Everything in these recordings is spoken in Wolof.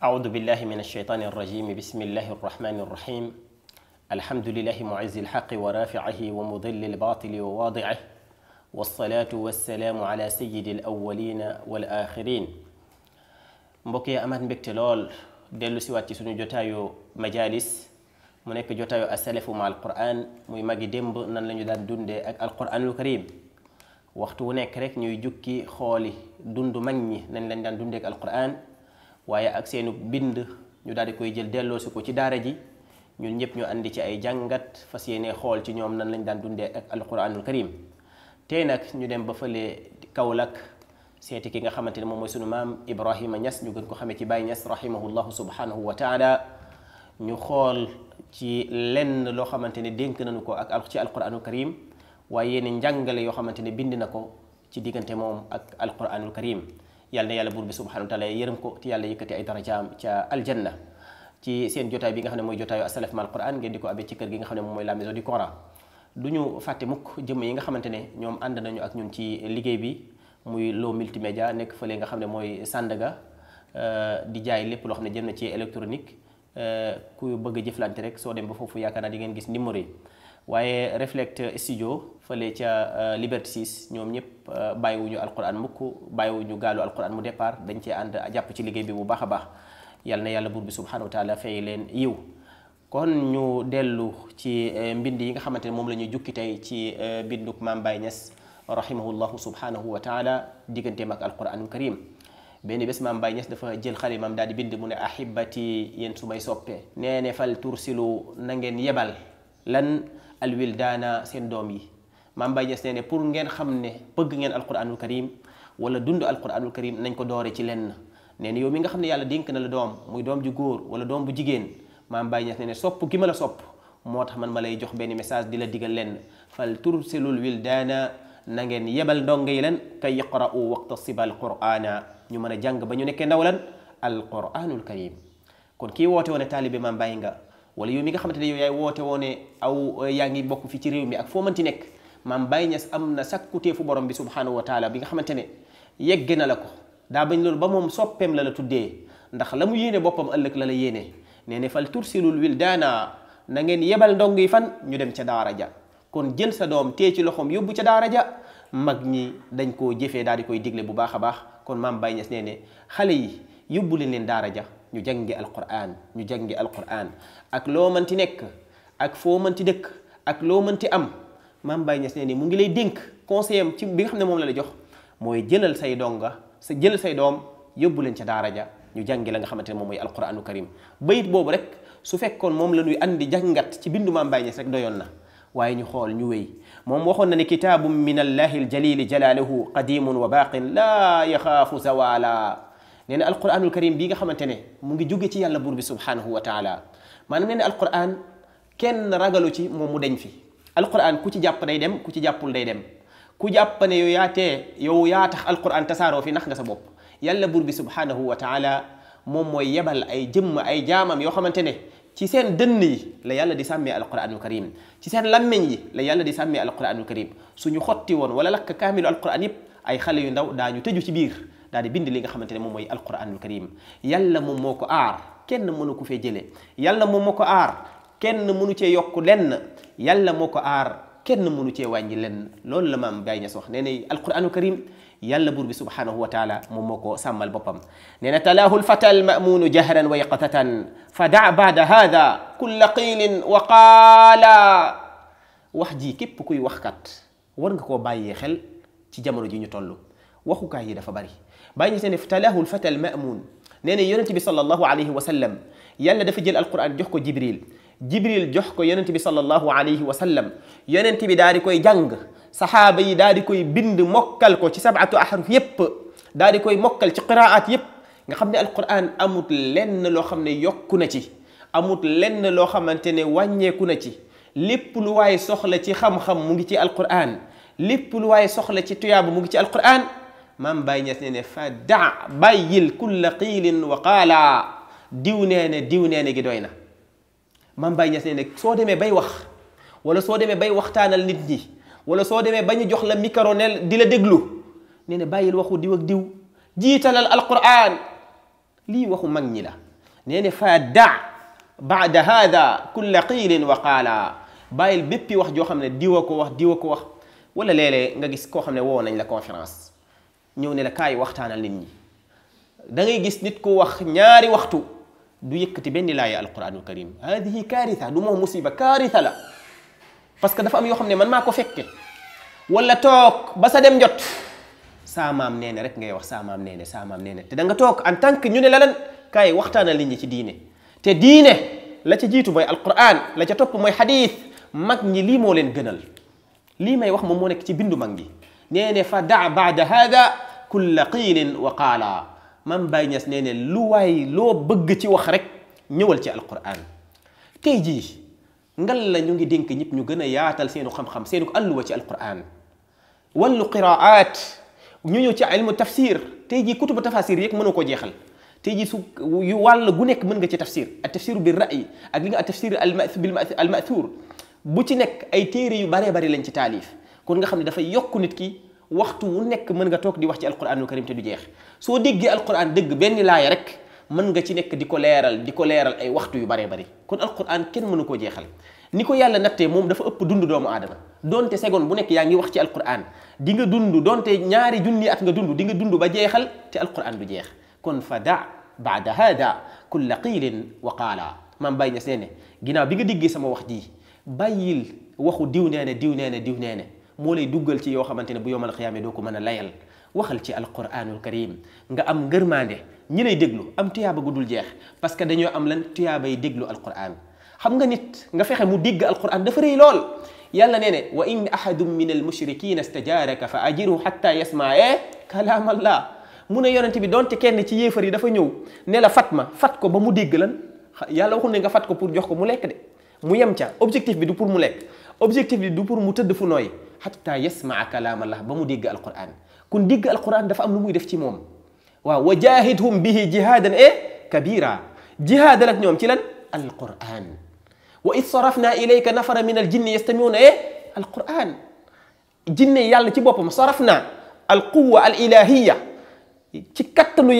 أعوذ بالله من الشيطان الرجيم بسم الله الرحمن الرحيم الحمد لله معز الحق ورافعه ومضل الباطل وواضعه والصلاة والسلام على سيد الأولين والآخرين مبكي أمان بكتلول دلو سوات سنو جوتايو مجالس منك جوتايو السلف مع القرآن مي ماجي ديمب نان لنجو دان دوند القرآن الكريم وقت ونك ريك نيو جوكي خولي دوندو مني نان لنجو دان دوند القرآن waaye ak seenu bind ñu daal di koy jël delloosi ko ci daara ji ñun ñëpp ñu andi ci ay jàngat fas yéene xool ci ñoom nan lañ daan dundee ak alquranul karim tey nag ñu dem ba fële Kaolack seeti ki nga xamante ne moom mooy sunu maam Ibrahima Niass ñu gën ko xamee ci Baye Niass rahimahullahu subhanahu wa taala ñu xool ci lenn loo xamante ne dénk nañu ko ak ci alquranul karim waaye yenn njàngale yoo xamante ne bind na ko ci diggante moom ak alquranul karim yàlla na yàlla buur bi subhanahu wa taala yërëm ko te yàlla yëkkati ay darajaam ca aljanna ci seen jotaay bi nga xam ne mooy jotaayu asalaf mal quran ngeen di ko abe ci kër gi nga xam ne mooy la maison du Coran du ñu fàtte mukk jëmm yi nga xamante ne ñoom ànd nañu ak ñun ci liggéey bi muy loo multimédia nekk fële nga xam ne mooy Sandaga euh, di jaay lépp loo xam ne jëm na ci électronique euh, ku bëgg a jëflante rek soo dem ba foofu yaakaar naa di ngeen gis numéro yi waaye fële ca euh, Liberté 6 ñoom ñëpp euh, bàyyiwuñu alquran mukk bàyyiwuñu gaalu alquran mu départ dañ cee ànd jàpp ci liggéey bi bu baax baax yal na yàlla buur bi subhanahu wa taala fay leen yiw kon ñu dellu ci euh, mbind yi nga xamante ne moom la ñuy jukki tey ci binduk Maam Baye Niass rahimahullahu subhanahu wa taala digganteem ak alquranul karim benn bés Maam Baye Niass dafa jël xalimam daal di bind mu ne ahibati yéen su may soppe nee ne fal tursilu nangeen ngeen yebal lan alwildaana seen doom yi Mame Baye Niass nee ne pour ngeen xam ne bëgg ngeen alquranul karim wala dund alquranul karim nañ ko doore ci lenn nee na yow mi nga xam ne yàlla dénk na la doom muy doom ju góor wala doom bu jigéen Mame Baye Niass nee ne sopp ma la sopp moo tax man ma lay jox benn message di la digal lenn fal tursilul wildaana na ngeen yebal ndongo yi leen kay yaqra'u waqta sibal qur'ana ñu mën a jàng ba ñu nekkee ndaw lan alquranul karim kon kii woote woone taalibe Mame Baye nga wala yow mi nga xamante ne yow yaay woote woone yaa ngi bokk fi ci réew mi ak foo mënti nekk man Baye Niass am na sakkuteefu borom bi subhanahu wa taala bi nga xamantene ne yegg na la ko bañ lool ba mom soppeem la la tuddé ndax lamu yéné bopam ëlëk la la yéné nee ne fal tursilul wildana na ngeen yebal ndong yi fan ñu dem ci daara ja kon jël sa doom té ci loxom yóbbu ci daara ja mag ñi dañ ko jëfé daal di koy digle bu baaxa baax kon mam Baye Niass nee ne xale yi yóbbu leen leen daara ja ñu jàngé alquran ñu jàngé alquran ak loo ti nek ak foo ti dëkk ak loo ti am maam Baye Niass nee ni mu ngi lay dénk conseil am ci bi nga moom la la jox mooy jëlal say donga sa jëlal say doom yóbbu leen ca daara ja ñu jàngi la nga xamante ne moom mooy alquranu karim bayit boobu rek su fekkoon moom la ñuy andi jàngat ci bindu maam Baye Niass rek doyoon na waaye ñu xool ñu wéy moom waxoon na ne kitaabun min allahi aljalili jalaaluhu qadimun wa baaqin laa yaxaafu zawaala nee na alquranul karim bii nga xamante ne mu ngi jóge ci yàlla buur bi subhanahu wa taala maanaam nee na alquran kenn ragalu ci moom mu deñ fi alquran ku ci jàpp day dem ku ci jàppul day dem ku jàpp ne yow yaa tee yow yaa tax alquran tasaaroo fi nax nga sa bopp yàlla buur bi subhanahu wa taala moom mooy yebal ay jëmm ay jaamam yoo xamante ne ci seen dënn yi la yàlla di sàmmee alquranul karim ci seen lammeñ yi la yàlla di sàmmee alquranul karim suñu xotti woon wala lakk kaamilu alquran yëpp ay xale yu ndaw daañu tëju ci biir daal di bind li nga xamante ne moom mooy alquranul karim yàlla moom moo ko aar kenn mënu ko fee jëlee yàlla moom moo ko aar كن منو تي يوكو لن يلا موكو آر كن منو تي واني لن لول لما مبين يسوح نيني القرآن الكريم يلا بربي سبحانه وتعالى موكو سام البطم نين تلاه الفتى المأمون جهرا ويقثة فدع بعد هذا كل قيل وقال وحجي كيب كوي وخكت ورنك كو باي يخل تي جامرو جي نيو وخوكا هي دافا باري باي نيتني فتلاه الفتى المأمون نين يونتي بي صلى الله عليه وسلم يلا دافا جيل القران جوخكو جبريل جبريل جحكو ينتبي صلى الله عليه وسلم ينتبي داركو جنغ صحابي داركو بند موكل كو سبعة أحرف يب داركو موكل قراءات يب نخمني القرآن أموت لن لو خمني يكونتي أموت لن لو خمنتني وان يكونتي لب لواي سخلة خم خم مجتي القرآن لب لواي سخلة تياب مجتي القرآن مام باي نتنين فدع بايل كل قيل وقالا ديونين ديونين جدوينه Mame Baye Niass ne nag soo demee bay wax wala soo demee bay waxtaanal nit ñi wala soo demee ba ñu jox la micro nel di la déglu nee ne bàyyil waxu diw ak diw jiitalal alquran lii waxu mag ñi la nee na fa da baada hada kulla qiilin wa qaala bàyyil béppi wax joo xam ne diwa ko wax diwa ko wax wala léeg nga gis koo xam ne woo nañ la conférence ñëw ne la kaay waxtaanal nit ñi dangay gis nit ko wax ñaari waxtu du yëkkati benn laaya alquranul karim hadihi kaarisa du moom musiba kaarisa la parce que dafa am yoo xam ne man maa ko fekke walla toog ba sa dem jot saamaam nee ne rek ngay wax saamaam neene ne saamaam te da nga toog en tant que ñu ne la lan kaay waxtaanal nit ci diine te diine la ca jiitu mooy alquran la ca topp mooy hadith mag ñi lii moo leen gënal lii may wax moom moo nekk ci bindu mag ñi nee ne fa daa baada hada kulla qiilin wa qaala maam Baye Niass nee ne lu waay loo bëgg ci wax rek ñëwal ci alquran tey jii ngal la ñu ngi dénk ñëpp ñu gën a yaatal seenu xam-xam seenu alluwa ci alquran wàllu qiraat ñu ñëw ci ilmu tafsir tey jii kutubu tafasir yeeg mënu ko jeexal tey jii su yu wàll gu nekk mën nga ci tafsir ak tafsiru bi ra'yi ak li nga ak tafsir al ma'thur bu ci nekk ay téere yu baree bari lañ ci taalif kon nga xam ne dafay yokk nit ki waxtu wu nekk mën nga toog di wax ci alquranul karim te du jeex soo déggee alquran dëgg benn laaya rek mën nga ci nekk di ko leeral di ko leeral ay waxtu yu bare bari kon alquran kenn mënu koo jeexal ni ko yàlla nattee moom dafa ëpp dund doomu aadama donte seconde bu nekk yaa ngi wax ci alquran di nga dund donte ñaari junni at nga dund di dund ba jeexal te alquran du jeex kon fa da baada hada kulla qiilin wa qaala maam bàyyi ñes nee ne bi nga déggee sama wax ji bàyyil waxu diw nee ne diw nee ne diw nee ne moo lay duggal ci yoo xamante ne bu yomal xiyaame doo ko mën a layal waxal ci alquranul karim nga am ngërmaande ñi lay déglu am tuyaaba gu dul jeex parce que dañoo am lan tuyaaba yi déglu alquran xam nga nit nga fexe mu dégg alquran dafa rëy lool yàlla nee ne wa in ahadun min almushrikina stajaaraka fa ajiru xatta yasmaa e kalaam allah mu ne yonent bi donte kenn ci yéefar yi dafa ñëw ne la fat ma fat ko ba mu dégg lan yàlla waxul ne nga fat ko pour jox ko mu lekk de mu yem ca objectif bi du pour mu lekk objectif bi du pour mu tëdd fu nooy حتى يسمع كلام الله بمو ديغ القران كن ديغ القران دفع فام لوموي ديف موم وجاهدهم به جهادا ايه كبيرا جهادا لك نيوم تي القران واذ صرفنا اليك نفر من الجن يستمعون ايه القران جن يالا تي بوبم صرفنا القوه الالهيه تي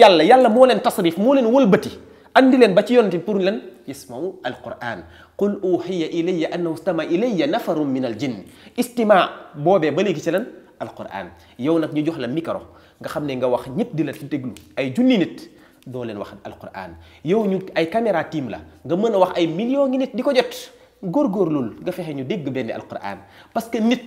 يالا يالا مولن تصريف مولن ولبتي andi leen ba ci yonent bi pour leen ismaw alquran qul uhiya ilayya annahu istama ilayya nafarun min al jinn istima boobee ba léegi ci leen alquran yow nag ñu jox la micro nga xam ne nga wax ñëpp di la ci déglu ay junni nit doo leen wax alquran yow ñu ay caméra team la nga mën a wax ay millions ngi nit di ko jot góorgóorlul nga fexe ñu dégg benn alquran parce que nit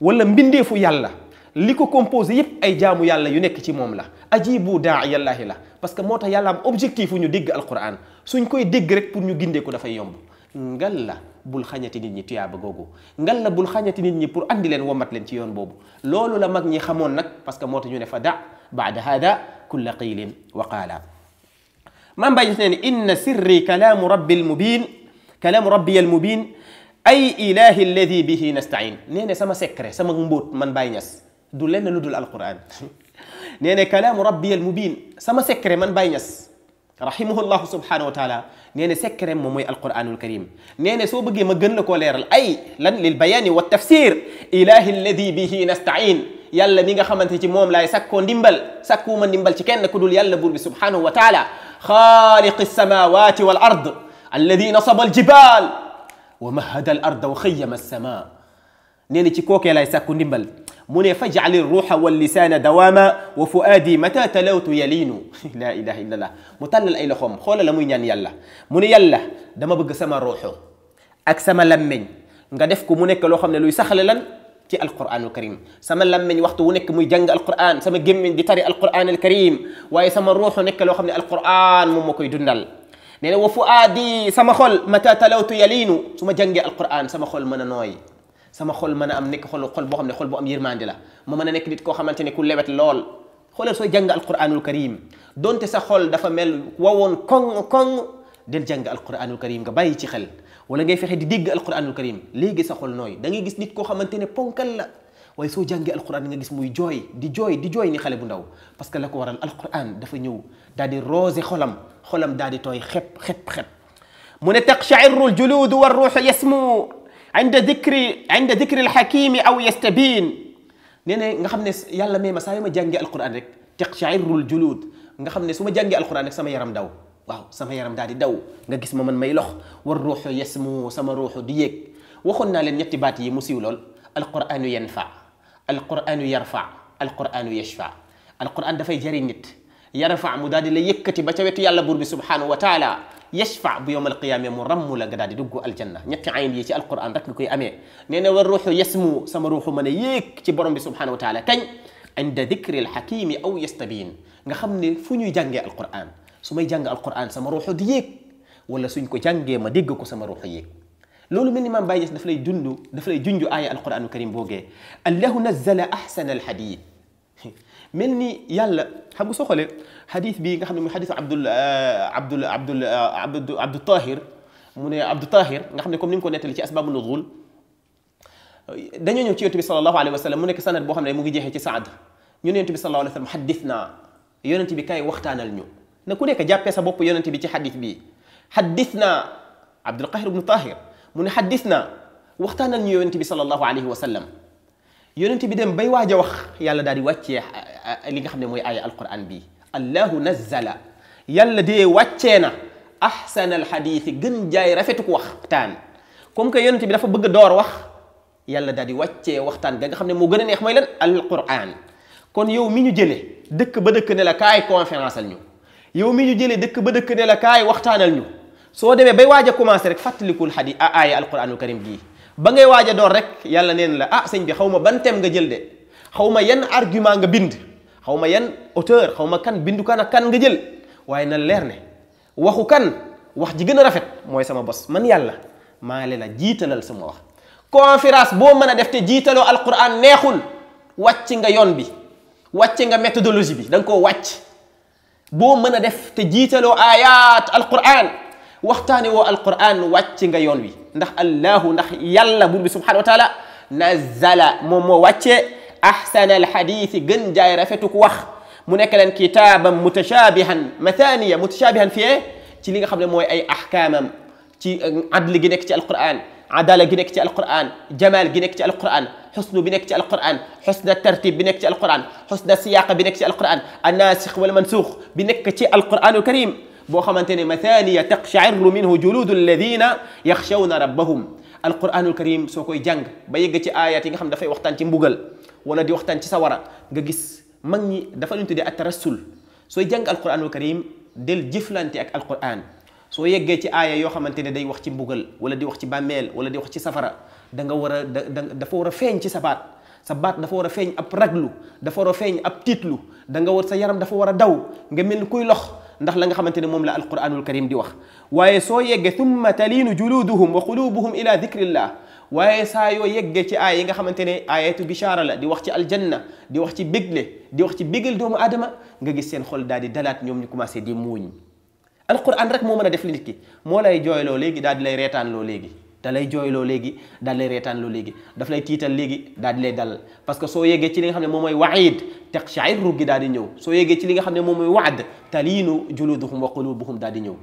wala mbindeefu yàlla liko composé yëpp ay jaamu yàlla yu nek ci mom la ajibu allah la parce que mota yàlla am objectif ñu dégg alquran suñ koy dégg rek pour ñu gindé ko da fay yomb ngal la bul xagnati nit ñi tiyaba googu ngal la bul xagnati nit ñi pour andi leen womat len ci yoon bobu lolu la mag ñi xamone nak parce que mota ñu ne fa da baada hada kull qil wa qaala maam bàyyi ne in sirri kalam rabbil mubin kalaamu rabbi almubin ay ilahi alladi bihi nastain nee ne sama secret sama mbóot man bàyyi dullen lu dul alquran nee ne kalaamu rabbiyal mubin sama secret man Baye Niass rahimahullahu subhanahu wa taala nee ne secret moom mooy alquranul karim nee ne soo bëggee ma gën la koo leeral ay lan lil bayani wa tafsir ilahi alladi bihi nastain yàlla mi nga xamante ci moom laay sakkoo ndimbal sakkuuma ndimbal ci kenn ku dul yàlla buur bi subhanahu wa taala xaaliqi alsamawati wal ard alladi nasaba aljibal wa mahada al arda wa xayyama alsama nee ne ci kookee laay sakku ndimbal من فاجعل الروح واللسان دواما وفؤادي متى تلوت يلين لا اله الا الله mu tàllal ay loxoom xoola la muy ñaan yàlla mu ne yàlla dama bëgg sama ruuxu ak sama lammeñ nga def ko mu nekk loo xam ne luy saxale lan ci alquranul karim sama lammeñ waxtu wu nekk muy jàng alquran sama gémmiñ di tari alquran al karim waaye sama ruuxu nekk loo xam ne alquran moom moo koy dundal nee na wa fuaadi sama xol mata talawtu yaliinu su ma jàngee alquran sama xol mën a nooy sama xol mën am nek xol xol bo xamne xol bu am yërmande la mo meuna nek nit ko xamante ku lewet lol xoolal soy jàng alquranul karim donte sa xol dafa mel wawon kong kong del jàng alquranul karim ga bàyyi ci xel wala ngay fexe di dégg alquranul karim legi sa xol noy da ngay gis nit ko xamante ponkal la waaye soo jàngee alquran nga gis muy joy di joy di joy ni xale bu ndaw parce que lako waral alquran dafa ñëw dal di rosé xolam xolam dal di toy xep xep xep mu ne taqsha'irul julud war ruh yasmu عند ذكر عند ذكر الحكيم أو يستبين nee na nga xam ne yàlla may ma saa yu ma jàngee alquran rek taqsha'irul julud nga xamne suma su ma alquran rek sama yaram daw waaw sama yaram daal di daw nga gis ma man may lox war ruhu yasmu sama ruhu di yek waxon na len ñetti baat yi mu siiw lool alquranu yanfa alquranu yarfa alquranu yashfa alquran fay jari nit yarfa mu daal di la yekati ba ca wetu yàlla bur bi subhanahu wa taala يشفع بيوم القيامه مرم لا غدا دغو الجنه نيت عين يي سي القران رك نكوي امي نينا والروح يسمو سما روح من ييك سي بروم سبحانه وتعالى كاج عند ذكر الحكيم او يستبين غا خمني فونيو جانغي القران سمي جانغ القران سما روح دي ييك ولا سونكو جانغي ما ديغ كو سما روح ييك لولو من امام باي ناس دافلاي دوندو دافلاي جونجو ايه القران الكريم بوغي الله نزل احسن الحديث ملني يلا حمو سخله حديث بي خا خني حديث عبد آه، عبد عبد آه، عبد عبد الطاهر من عبد الطاهر خا خني كوم نيم كو نيتالي سي اسباب النزول دانيو نيو تي صلى الله عليه وسلم من كسند بو خا خني موغي جيهي سي سعد ني نيو تي صلى الله عليه وسلم حدثنا يونتي بي كاي وقتانال نيو نكو نيكا جابي سا بوب يونتي بي تي حديث بي حدثنا عبد القاهر بن طاهر من حدثنا وقتانال نيو يونتي بي صلى الله عليه وسلم يونتي بي ديم باي واجا واخ يالا دادي واتيه li nga xamne moy mooy alquran bi allah nazzala yàlla dee wàccee na ahsanal xadiisi gën jaay rafetuk waxtaan kom que yonent bi dafa bëgg door wax yàlla dal di wacce waxtan ga nga xamne mo gëna neex moy lan alquran kon yow mi ñu jëlee dëkk ba dëkk ne la kay conférence al ñu yow mi ñu jëlee dëkk ba dëkk ne la kay waxtanal ñu so démé bay waja commencer rek fatlikul hadith a aaya alquranul karim gii ba ngay waja door rek yàlla neen la ah sëñ bi xawma ban tém nga jël de xawma ma yan argument nga bind xaw ma yan auteur xaw ma kan bindu kan ak kan nga jël waaye na leer ne waxu kan wax ji gën a rafet mooy sama bos man yàlla maa leen a jiitalal sama wax conférence boo mën a def te jiitaloo alquran neexul wàcc nga yoon bi wàcc nga méthodologie bi da nga koo wàcc boo mën a def te jiitaloo ayat alquran waxtaane woo alquran wàcc nga yoon wi ndax allahu ndax yàlla buur bi subhanahu wa taala nazala moom moo wàccee أحسن الحديث جن جاي رفتك وخ منكلا كتابا متشابها مثانية متشابها في إيه تلقى قبل موي أي أحكام عدل جنك في القرآن عدالة جنك في القرآن جمال جنك في القرآن حسن بنك في القرآن حسن الترتيب بنك في القرآن حسن السياق بنك في القرآن الناسخ والمنسوخ بنك في القرآن الكريم بو خمانتني مثانية تقشعر منه جلود الذين يخشون ربهم القرآن الكريم سوكو جنگ بيجي آيات يخم دفع وقتان تيم بوغل wala di waxtaan ci sa wara nga gis mag ñi dafa luñ tuddee attarassul sooy jàng alquranul karim del jiflanti ak qur'an soo yeggee ci aaya yoo xamante ne day wax ci mbugal wala di wax ci bàmmeel wala di wax ci safara da nga war a da dafa war a feeñ ci sa baat sa baat dafa war a feeñ ab raglu dafa war a feeñ ab tiitlu da nga war sa yaram dafa war daw nga mel kuy lox ndax la nga xamante ne moom la alquranul karim di wax waaye soo yeggee thumma taliinu juluduhum wa qulubuhum ila dicrillah waye sa yo yegge ci ay yi nga xamantene ayatu bishara la di wax ci aljanna di wax ci bigle di wax ci bigel doomu adama nga gis sen xol daal di dalaat ñoom ñu commencé di muuñ alquran rek mo meuna def li nit ki mo lay jooyloo legi daal di lay lo legi da lay jooyloo léegi daal lay reetaanloo léegi daf lay tiital léegi daal lay dalal parce que soo yeggee ci li nga xam ne moom mooy waid teq shairu gi daal di ñëw soo yeggee ci li xam ne moom waad taliinu juluduhum wa qulubuhum daal di ñëw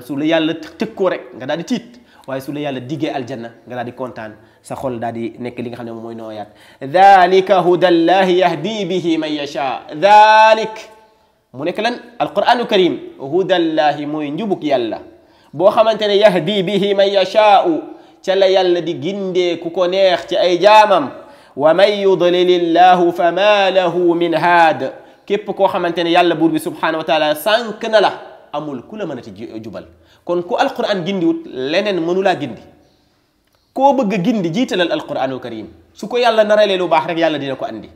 su la yàlla tëkkoo rek nga daal di tiit waaye su la yàlla diggee aljanna nga daal di kontaan sa xol daal nekk li nga xam ne moom mooy nooyaat dalika hudallahi yahdi bihi man yasha dalik mu nekk lan alquranu karim hudallahi mooy njubug yàlla boo xamante ne yahdi bihi man ca la yàlla di gindee ku ko neex ci ay jaamam wa man yudlilillahu fa ma lahu min haad képp koo xamante ne yàlla buur bi subhanahu wa taala sànk na la amul ku la mën a ci jubal kon ku alquran gindiwut leneen mënulaa gindi koo bëgg gindi jiitalal alquranul karim su ko yàlla naralee lu baax rek yàlla dina ko andi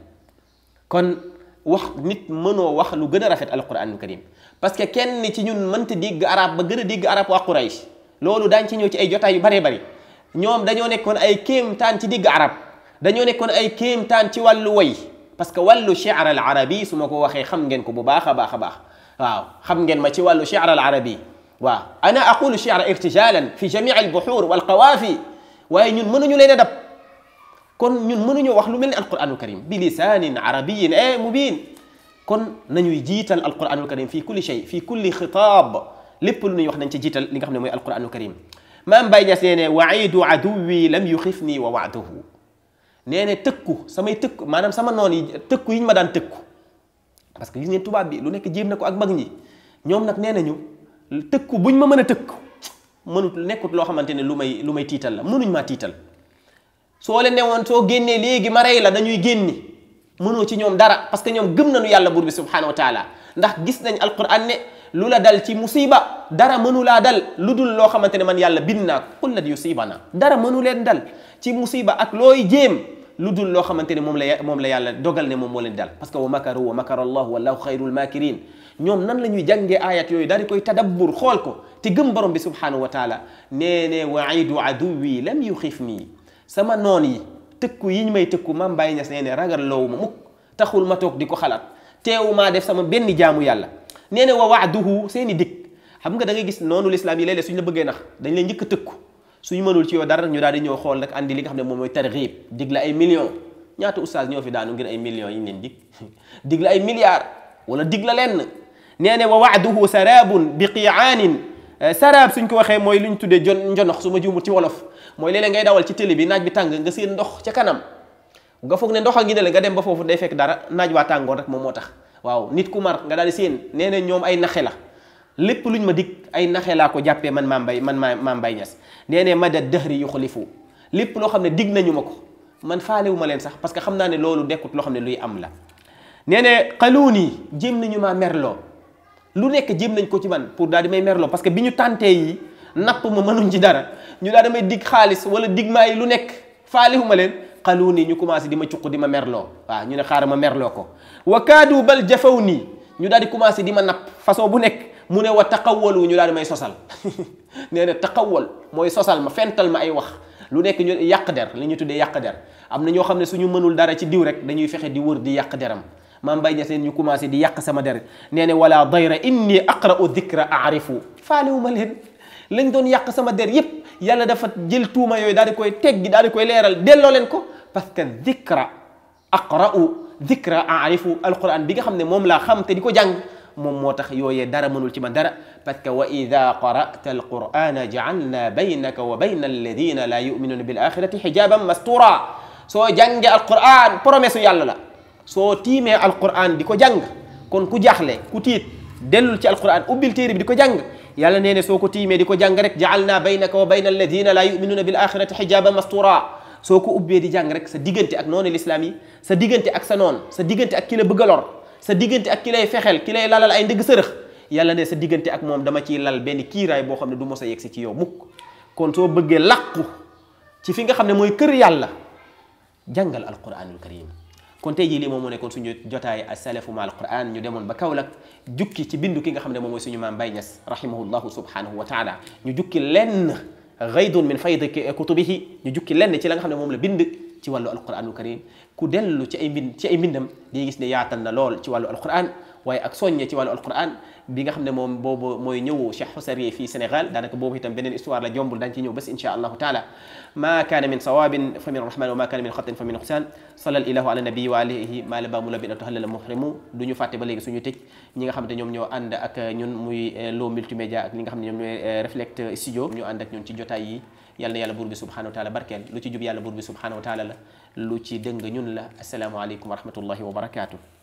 kon wax nit mënoo wax lu gën a rafet alquranul karim parce que ci ñun mënta dégg arab ba gën a dégg arab waa quraysh loolu daañ ci ñëw ci ay jotaay yu baree bari ñom dañu nekkon ay kéemtaan ci digg arab dañu nekkon ay kéemtaan ci walu way parce que walu shi'r al arabi suma ko waxe xam ngeen ko bu baakha baakha baax waaw xam ngeen ma ci walu shi'r al arabi wa ana aqulu shi'r irtijalan fi jami' al buhur wal qawafi waaye ñun mënuñu leen a dab kon ñun mënuñu wax lu melni al qur'an al karim bi lisan arabi e mubin kon nañuy jital al qur'an al karim fi kulli shay fi kulli khitab lépp lu ñuy wax nañ ci jital li nga xamne moy al qur'an al karim ما أمباي نسيني وعيد عدوي لم يخفني ووعده نيني تكو سمي تكو ما نام سما نوني تكو ين مدان تكو بس كل نين توبابي لو نك جيب نكو أكبر نجي نيوم نك نيني نيو تكو بني ما من تكو من نكو لو خم أنتين لومي لومي تيتل منو ما تيتل سؤال نيوان تو جيني ليه جمارة إلا دنيو جيني منو تي نيوم دارا بس كنيوم جمنا نو يالله بربي سبحانه وتعالى ده قصدنا القرآن lu la dal ci musiba dara mënu dal lu dul loo xamante ne man yàlla bind naa ko qul lan yusibana dara mënu leen dal ci musiba ak looy jéem lu dul loo xamante ne moom la moom la yàlla dogal ne moom moo leen dal parce que wa makaru wa makara allahu wallahu xayrul makirin ñoom nan la ñuy jàngee ayat yooyu daal di koy tadabbur xool ko te gëm borom bi subhanahu wa taala nee ne waidu aduwi lam yuxif nii sama noon yi tëkku yiñ may tëkku maam Baye Niass nee ne ragal loowu ma mukk taxul ma toog di ko xalaat teewu maa def sama benn jaamu yàlla nee na wa waaduhu seeni dig xam nga da ngay gis noonu lislaam yi léeg-léeg suñ la bëggee nax dañ leen njëkk a tëkku suñu mënul ci yow dara ñu daal di ñëw xool nag andi li nga xam ne moom mooy tarxiib dig la ay millions ñaata oustaz ñoo fi daanu ngir ay millions yi ñu leen dig dig la ay milliards wala dig la lenn nee ne wa waaduhu sarabun bi qiaanin sarab suñ ko waxee mooy lu ñu tuddee jon njonox su ma juumut ci wolof mooy léeg-léeg ngay dawal ci télé bi naaj bi tàng nga seen ndox ca kanam nga foog ne ndox a ngi ne la nga dem ba foofu day fekk dara naaj waa tàngoon rek moom moo tax waaw nit ku mar nga daal di seen nee na ñoom ay naxe la lépp luñ ma digg ay naxe laa ko jàppee man maa mbay man maa maam Baye Niass nee ne mada dëhri yu xalifu lépp loo xam ne digg nañu ma ko man faalewu ma leen sax parce que xam naa ne loolu nekkut loo xam ne luy am la nee ne xaluun yi jéem nañu maa merloo lu nekk jéem nañ ko ci man pour daal di may merloo parce que bi ñu tàntee yi napp ma mënuñ ci dara ñu daal damay digg xaalis wala dig maa yi lu nekk faalewu ma leen qaluni ñu commencé di ma cuq di ma merloo waaw ñu ne xaar ma merlo ko wa kaadu bal jafaw ñu daal di commencé di ma napp façon bu nek mu ne wa taqawwalu ñu daal may sosal neena taqawwal moy sosal ma fental ma ay wax lu nek ñu yàq der li ñu tuddé yàq der amna ño xamne suñu mënul dara ci diw rek dañuy fexe di wër di yàq deram mam bay ñaseen ñu commencé di yàq sama der neena wala dayra inni aqra'u dhikra arifu faalewu ma leen lañ doon yàq sama der yépp yàlla dafa jël tuuma yooyu daal di koy teggi daal di koy leeral delloo leen ko parce que dikra aqra'u dikra aarifu alquran bi nga xam ne moom laa xam te di ko jàng moom moo tax yooyee dara mënul ci man dara parce que wa ida qara'ta alqurana ja'alna baynaka wa bayna alladina la yu'minuna bil axirati hijaban mastura soo jànge alquran promesse u yàlla la soo tiimee alquran di ko jàng kon ku jaaxle ku tiit dellul ci alquran ubbil téere bi di ko jàng yàlla nee ne soo ko tiimee di ko jàng rek ja'alna baynaka wa bayna alladina la yu'minuna bil axirati hijaban mastura soo ko ubbee di jàng rek sa diggante ak noonu lislaam yi sa diggante ak sa noon sa diggante ak ki la bëgg sa diggante ak ki lay fexeel ki lay lalal ay ndëgg sërëx yàlla ne sa diggante ak moom dama ciy lal benn kiiraay boo xam ne du mos a yegsi ci yow mukk kon soo bëggee làqu ci fi nga xam ne mooy kër yàlla jàngal alquranul karim kon tey jii lii moom moo nekkoon suñu jotaay a salafu ma alquran ñu demoon ba kaw Kaolack jukki ci bindu ki nga xam ne moom mooy suñu maam Baye Niass rahimahullahu subhanahu wa taala ñu jukki lenn غيد من فيض كتبه نجوك لن تي لاغا خا نم موم لا بيند ci walu alquranul karim ku delu ci ay mbind ci ay mbindam di gis ne yaatal na lool ci walu alquran waye ak soññe ci walu alquran bi nga xamne mom moom moy ñewu Cheikh Xusari fi Sénégal danaka bobu itam benen histoire la jombul dan ci ñëw bés insha allah taala ma kaana min sawabin fa min rahman wa ma kaana min xatin fa min xusaan sallal ilahu ala nabiyyi wa alihi ma la ba mulabina tahallal muhrimu duñu fàtte ba legi suñu tëj ñi nga xamne ñom ñoom ñoo ànd ak ñun muy lo multimédia ak li nga xamne ñom ñoy Reflect Studio ñu ànd ak ñun ci jotay yi يلا يلا بورب سبحانه وتعالى بركان لو تجيب يلا بورب سبحانه وتعالى لو تيدنغ نون لا السلام عليكم ورحمة الله وبركاته